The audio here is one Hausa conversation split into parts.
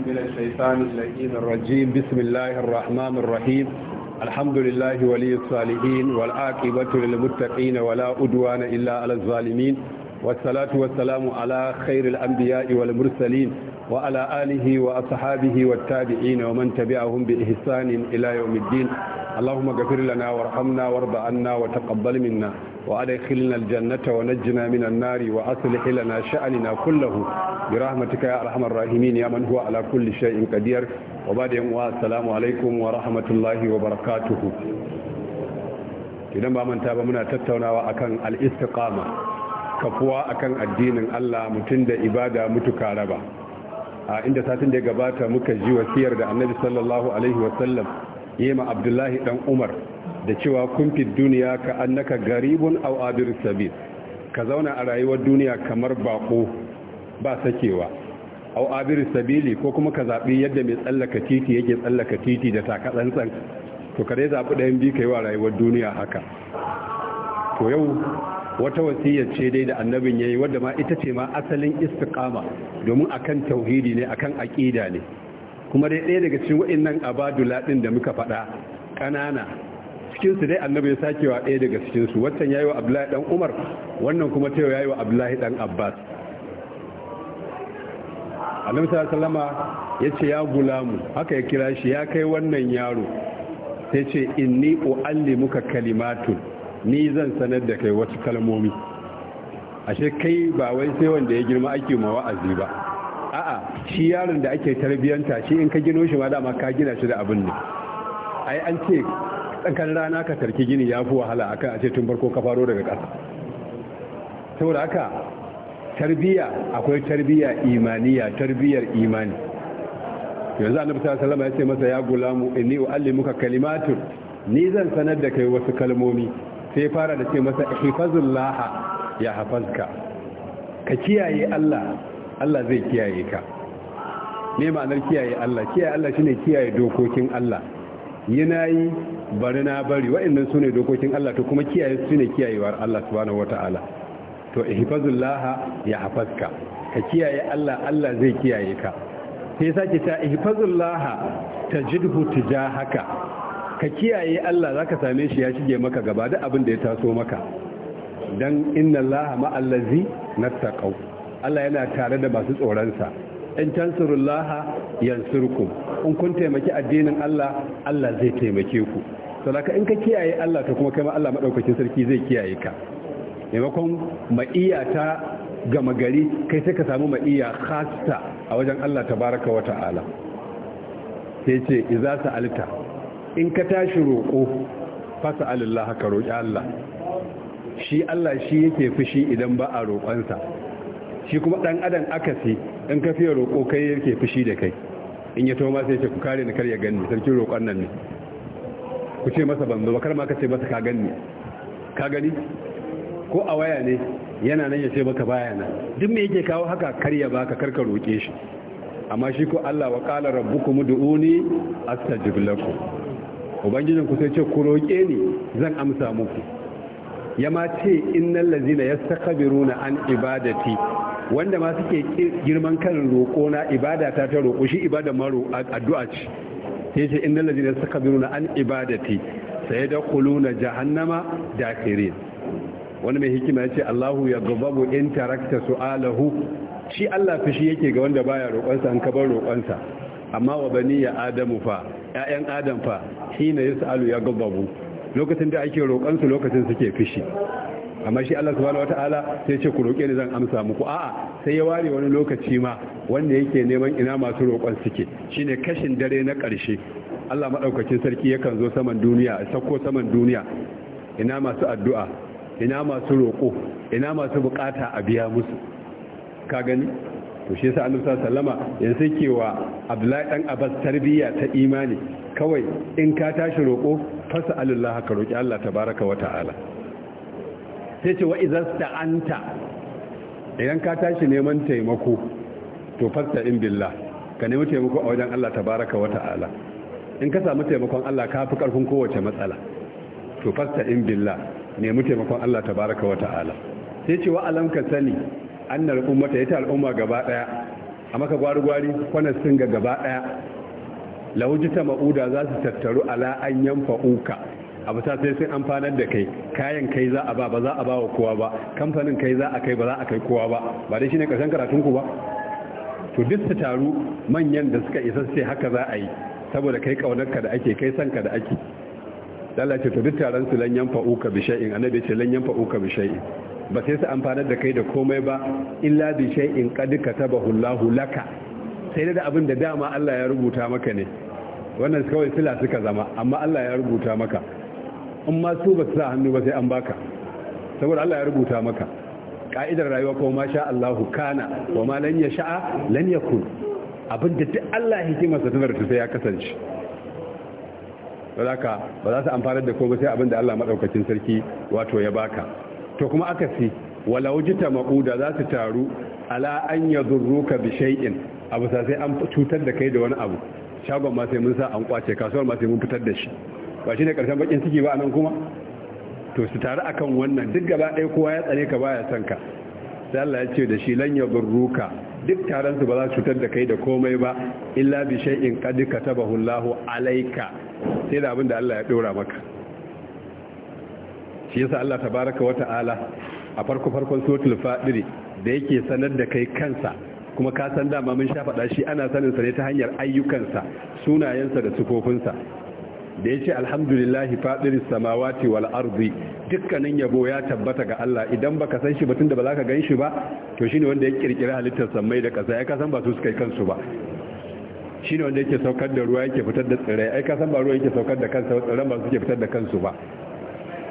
من الشيطان اللئيم الرجيم بسم الله الرحمن الرحيم الحمد لله ولي الصالحين والعاقبة للمتقين ولا أدوان إلا على الظالمين والصلاة والسلام على خير الأنبياء والمرسلين وعلى آله وأصحابه والتابعين ومن تبعهم بإحسان إلى يوم الدين اللهم اغفر لنا وارحمنا وارض عنا وتقبل منا وأدخلنا الجنة ونجنا من النار وأصلح لنا شأننا كله برحمتك يا أرحم الراحمين يا من هو على كل شيء قدير وبعد يوم السلام عليكم ورحمة الله وبركاته idan ba manta ba muna tattaunawa akan al kafuwa akan addinin Allah mutum da ibada mutuka raba a inda satin da ya gabata muka ji wasiyar da Annabi sallallahu alaihi wasallam yema Abdullahi dan Umar da cewa kun fi duniya ka annaka garibun aw adir sabil ka zauna a rayuwar duniya kamar bako ba sakewa au abir sabili ko kuma ka zaɓi yadda mai tsallaka titi yake tsallaka titi da takatsantsan to kare zaɓi ɗayan bi ka wa rayuwar duniya haka to yau wata wasiyar ce dai da annabin yayi wadda ma ita ce ma asalin istiqama domin akan tauhidi ne akan aqida ne kuma dai ɗaya daga cikin wa'annan abadula ɗin da muka faɗa ƙanana cikin su dai annabi ya sakewa ɗaya daga cikin su wannan yayi wa Abdullahi dan Umar wannan kuma ta yayi wa Abdullahi dan Abbas annabi sallama ya ce ya gulamu haka ya kira shi ya kai wannan yaro sai ce inni uallimuka kalimatun ni zan sanar da kai wasu kalmomi ashe kai ba wai sai wanda ya girma ake ma wa'azi ba a'a shi yaron da ake tarbiyanta shi in ka gino shi ma dama ka gina shi da abin ne ai an ce tsakan rana ka tarki gini ya fi wahala akan a ce tun farko ka faro daga ƙasa saboda haka tarbiya akwai tarbiya imaniya tarbiyar imani yanzu annabi sallallahu alaihi ya ce masa ya gulamu inni uallimuka kalimatun ni zan sanar da kai wasu kalmomi sai fara da ce masa ihfazullah ya hafazka ka kiyaye Allah Allah zai kiyaye ka me ma'anar kiyaye Allah kiyaye Allah shine kiyaye dokokin Allah yana yi bari na bari waɗannan sune dokokin Allah to kuma kiyaye su ne kiyayewar Allah subhanahu wataala to Laha ya hafazka ka kiyaye Allah Allah zai kiyaye ka sai sake ta ta tajidhu tijahaka ka kiyaye Allah zaka same shi ya shige maka gaba da abin da ya taso maka dan inna ma allazi nattaqau Allah yana tare da masu tsoron sa in tansurullaha yansurkum in kun taimaki addinin Allah Allah zai taimake ku saboda in ka kiyaye Allah ka kuma kai ma Allah madaukakin sarki zai kiyaye ka maimakon ma'iya ta gama gari kai sai ka samu ma'iya khasta a wajen Allah tabaraka wa ta'ala sai ce iza sa'alta in ka tashi roƙo fasa alillah haka roƙi Allah shi Allah shi yake fushi idan ba a roƙonsa shi kuma ɗan adam akasi in ka fiye roƙo kai yake fushi da kai in ya toma sai ce ku kare ni kar ya ganni sarki roƙon nan ne ku ce masa ban ba kar ma ka ce masa ka ganni ka gani ko a waya ne yana nan ya ce maka baya duk me yake kawo haka karya baka kar ka roke shi amma shi ko Allah wa qala rabbukum du'uni astajib lakum ubangijin ku sai ce ku roke ni zan amsa muku ya ma ce innal ladzina yastakbiruna an ibadati wanda ma suke girman kan roko na ibada ta ta roƙo shi ibada maro addu'a ce sai ce innal ladzina yastakbiruna an ibadati sayadkhuluna jahannama dakhirin wani mai hikima ya ce allahu ya gababu in tarakta su'alahu shi allah fushi yake ga wanda baya roƙonsa an kabar roƙonsa amma wa bani ya adamu fa ƴaƴan adam fa hina yas'alu ya gababu lokacin da ake roƙonsu lokacin suke fushi amma shi Allah subhanahu wataala sai ce ku roƙe ni zan amsa muku a'a sai ya ware wani lokaci ma wanda yake neman ina masu roƙon suke shine kashin dare na ƙarshe Allah madaukakin sarki yakan zo saman duniya sauko saman duniya ina masu addu'a ina masu roƙo ina masu buƙata a biya musu ka gani to shi yasa annabi sallama yanzu ke wa abdullahi dan abbas tarbiyya ta imani kawai in ka tashi roƙo fasa alillah ka roƙi Allah tabaraka wa ta'ala sai ce wa izasta'anta idan ka tashi neman taimako to fasta in billah ka nemi taimako a wajen Allah tabaraka wa ta'ala in ka samu taimakon Allah ka fi karfin kowace matsala to fasta in billah nemi taimakon Allah tabaraka wa ta'ala sai ce wa alam ka sani annar ummata ta al'umma gaba daya a maka gwari gwari kwanan sun ga gaba daya lawujita ma'uda za su tattaru ala an yanfa uka abu ta sai sun amfanar da kai kayan kai za a ba ba za a ba wa kowa ba kamfanin kai za a kai ba za a kai kowa ba ba dai shine karshen karatun ku ba to duk su taru manyan da suka isa sai haka za a yi saboda kai kaunarka da ake kai sanka da ake Allah ce to duk taron su lanyan yanfa uka bi shay'in annabi ce lanyan yanfa uka bi ba sai su amfanar da kai da komai ba illa bi shay'in qad katabahu Allahu laka sai da abin da dama Allah ya rubuta maka ne wannan kawai sila suka zama amma Allah ya rubuta maka in ma su ba su sa hannu ba sai an baka saboda Allah ya rubuta maka ka'idar rayuwa ko ma sha Allahu kana wa ma lan yasha lan yakun abin da duk Allah hikimarsa ta sai ya kasance ba ba za su amfanar da komai sai abin da Allah madaukakin sarki wato ya baka to kuma aka akasi wala wujita maquda za su taru ala an yadurruka bi shay'in abu sai an cutar da kai da wani abu shagon ma sai mun sa an kwace kasuwar ma sai mun fitar da shi ba shi ne karshen bakin ciki ba anan kuma to su taru akan wannan duk gaba ɗaya kowa ya tsare ka baya son ka sai Allah ya ce da shi lan yadurruka duk taron su ba za su cutar da kai da komai ba illa bi shay'in qad katabahu Allahu alayka sai da abin Allah ya dora maka shi yasa Allah tabaraka wa ta'ala a farko farkon suratul fadiri da yake sanar da kai kansa kuma ka san dama mun sha shi ana sanin sa ne ta hanyar ayyukansa sunayensa da sufofinsa da yace alhamdulillahi fadiris samawati wal ardi dukkanin yabo ya tabbata ga Allah idan baka san shi batun da ba za ka gan shi ba to shine wanda ya kirkira halittar samai da ƙasa ya kasan ba su suka yi kansu ba shine wanda yake saukar da ruwa yake fitar da tsirai ai kasan ba ruwa yake saukar da kansa tsiran ba su ke fitar da kansu ba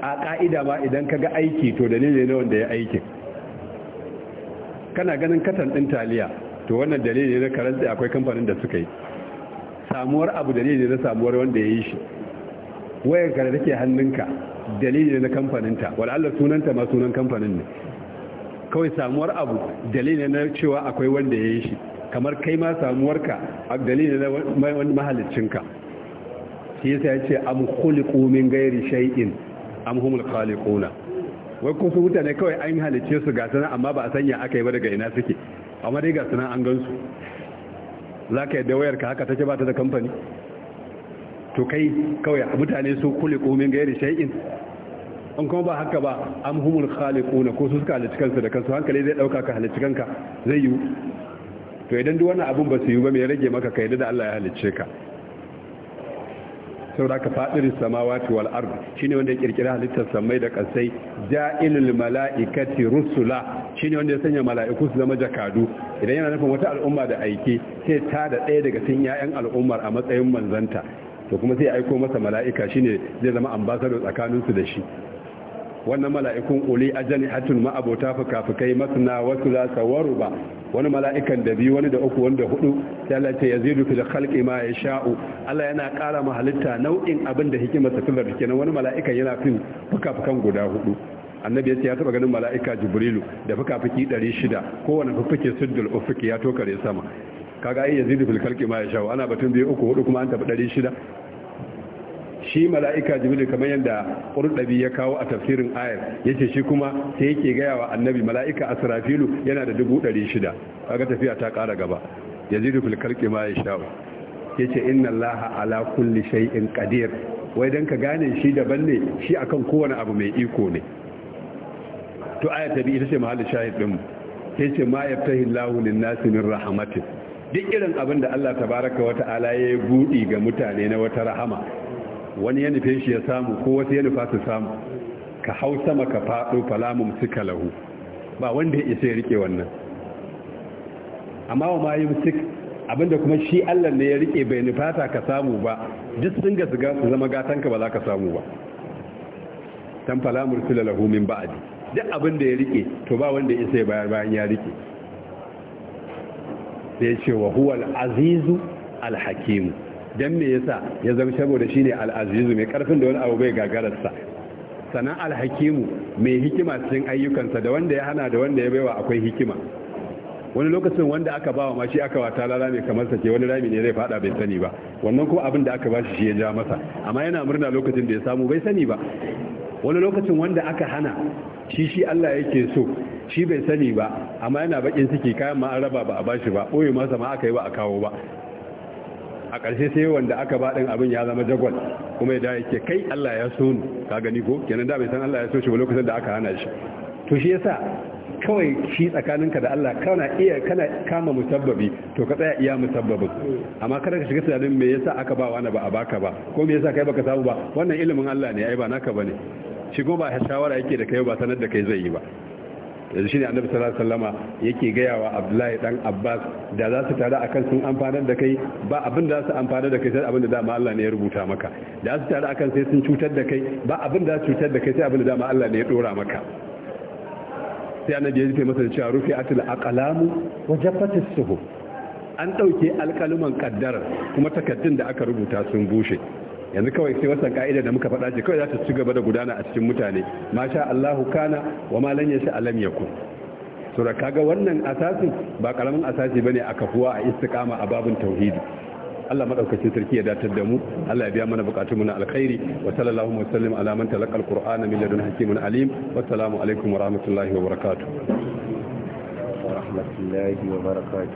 a ka'ida ma idan ka ga aiki to dalilin ne wanda ya aikin kana ganin katan ɗin taliya to wannan dalili na karanci akwai kamfanin da suka yi samuwar abu dalili na samuwar wanda ya yi shi wayar ka da take hannunka dalili na kamfaninta wal'alla sunanta ma sunan kamfanin ne kawai samuwar abu dalili na cewa akwai wanda ya yi shi kamar kai ma samuwarka a dalili na wani mahalicinka shi yasa ya ce am khuliqu min ghairi shay'in am humul khaliquna wai ko su mutane kawai an halice su ga sanan amma ba a sanya aka yi ba daga ina suke amma dai ga sanan an gansu zaka yadda wayarka ka haka take ba ta da kamfani to kai kawai mutane su kule komin gairi shay'in an kuma ba haka ba am humul khaliquna ko su suka halicci kansu da kansu hankali zai dauka ka halicci kanka zai yi to idan duk wannan abun ba su yi ba me rage maka kai da Allah ya halicce ka saboda ka fadirin samawati wal ard shine wanda ya kirkira halittar samai da kasai ja'ilul malaikati rusula shine wanda ya sanya mala'iku su zama jakadu idan yana nufin wata al'umma da aiki sai ta da ɗaya daga cikin 'ya'yan al'ummar a matsayin manzanta to kuma sai aiko masa mala'ika shine zai zama ambassador tsakanin su da shi wannan mala'ikun uli ajani hatun ma fuka-fukai masana wasu za su waru ba wani mala'ikan da biyu wani da uku wanda hudu sai Allah ce ya zidu fil khalqi ma ya sha'u Allah yana ƙara ma halitta nau'in abin da hikimar sa da kenan wani mala'ikan yana fin fuka-fukan guda hudu annabi ya ce ya taba ganin mala'ika jibrilu da fuka-fuki 600 kowane fuffuke suddul ufuki ya tokare sama kaga ai yazidu fil khalqi ma ya sha'u ana batun biyu uku hudu kuma an tafi 600 shi mala'ika jibril kamar yadda ƙurɗabi ya kawo a tafsirin ayar yace shi kuma sai yake gaya wa annabi mala'ika a asrafilu yana da dubu ɗari shida. kaga tafiya ta ƙara gaba yazidu fil khalqi ma ya ce, inna allaha ala kulli shay'in qadir wai dan ka gane shi daban ne shi akan kowane abu mai iko ne to aya ta bi ita ce mahallin shahid din yace ma yaftahi Allahu lin-nasi min duk irin abin da Allah baraka wata ta'ala ya yi buɗi ga mutane na wata rahama wani ya nufe shi ya samu ko wasu ya nufa su samu ka hau sama ka faɗo falamun suka lahu ba wanda ya isa ya rike wannan amma wa ma yi musik abinda kuma shi allah ne ya rike bai nufata ka samu ba duk sun ga su zama gatanka ba za ka samu ba tan falamun suka lahu min ba'adi duk abinda ya rike to ba wanda ya isa ya bayar bayan ya rike sai ce wa huwa al'azizu azizu al-hakimu dan me yasa ya zama saboda shine al-azizu mai karfin da wani abu bai gagararsa sanan al-hakimu mai hikima cikin ayyukansa da wanda ya hana da wanda ya baiwa akwai hikima wani lokacin wanda aka bawa ma shi aka wata lala ne kamar sake wani rami ne zai fada bai sani ba wannan kuma abin da aka bashi shi ya ja masa amma yana murna lokacin da ya samu bai sani ba wani lokacin wanda aka hana shi shi Allah yake so shi bai sani ba amma yana bakin ciki kayan ma an raba ba a bashi ba boye masa ma aka yi ba a kawo ba a ƙarshe sai wanda aka ɗin abin ya zama jagwal kuma ya ke kai Allah ya so ni ka gani ko kenan da bai san Allah ya so shi ba lokacin da aka hana shi to shi yasa kawai shi tsakaninka da Allah kana iya kana kama musabbabi to ka tsaya iya musabbabin amma kada ka shiga tunanin me yasa aka ba wani ba a baka ba ko me yasa kai baka samu ba wannan ilimin Allah ne ai ba naka bane shi ba shawara yake da kai ba sanar da kai zai yi ba yanzu shine annabi sallallahu alaihi wasallama yake wa abdullahi dan abbas da za su tare akan sun amfanar da kai ba abin da za su amfana da kai sai abin da dama Allah ne ya rubuta maka da za su tare akan sai sun cutar da kai ba abin da za su cutar da kai sai abin da dama Allah ne ya dora maka sai annabi ya rufe masa da cewa rufi atil aqlamu wa jaffatis suhuf an dauke alkaluman kaddara kuma takaddun da aka rubuta sun bushe yanzu kawai sai wasan ka'ida da muka faɗa ce kawai za ta ci gaba da gudana a cikin mutane masha Allahu kana wa ma lan yasha alam yakun to da kaga wannan asasi ba karamin asasi bane a kafuwa a istiqama a babun tauhidi Allah madaukakin sarki ya datar da mu Allah ya biya mana bukatun mu na alkhairi wa sallallahu wa sallim ala man talaqa alqur'ana min ladun hakimin alim wa assalamu alaikum wa rahmatullahi wa barakatuh wa rahmatullahi wa barakatuh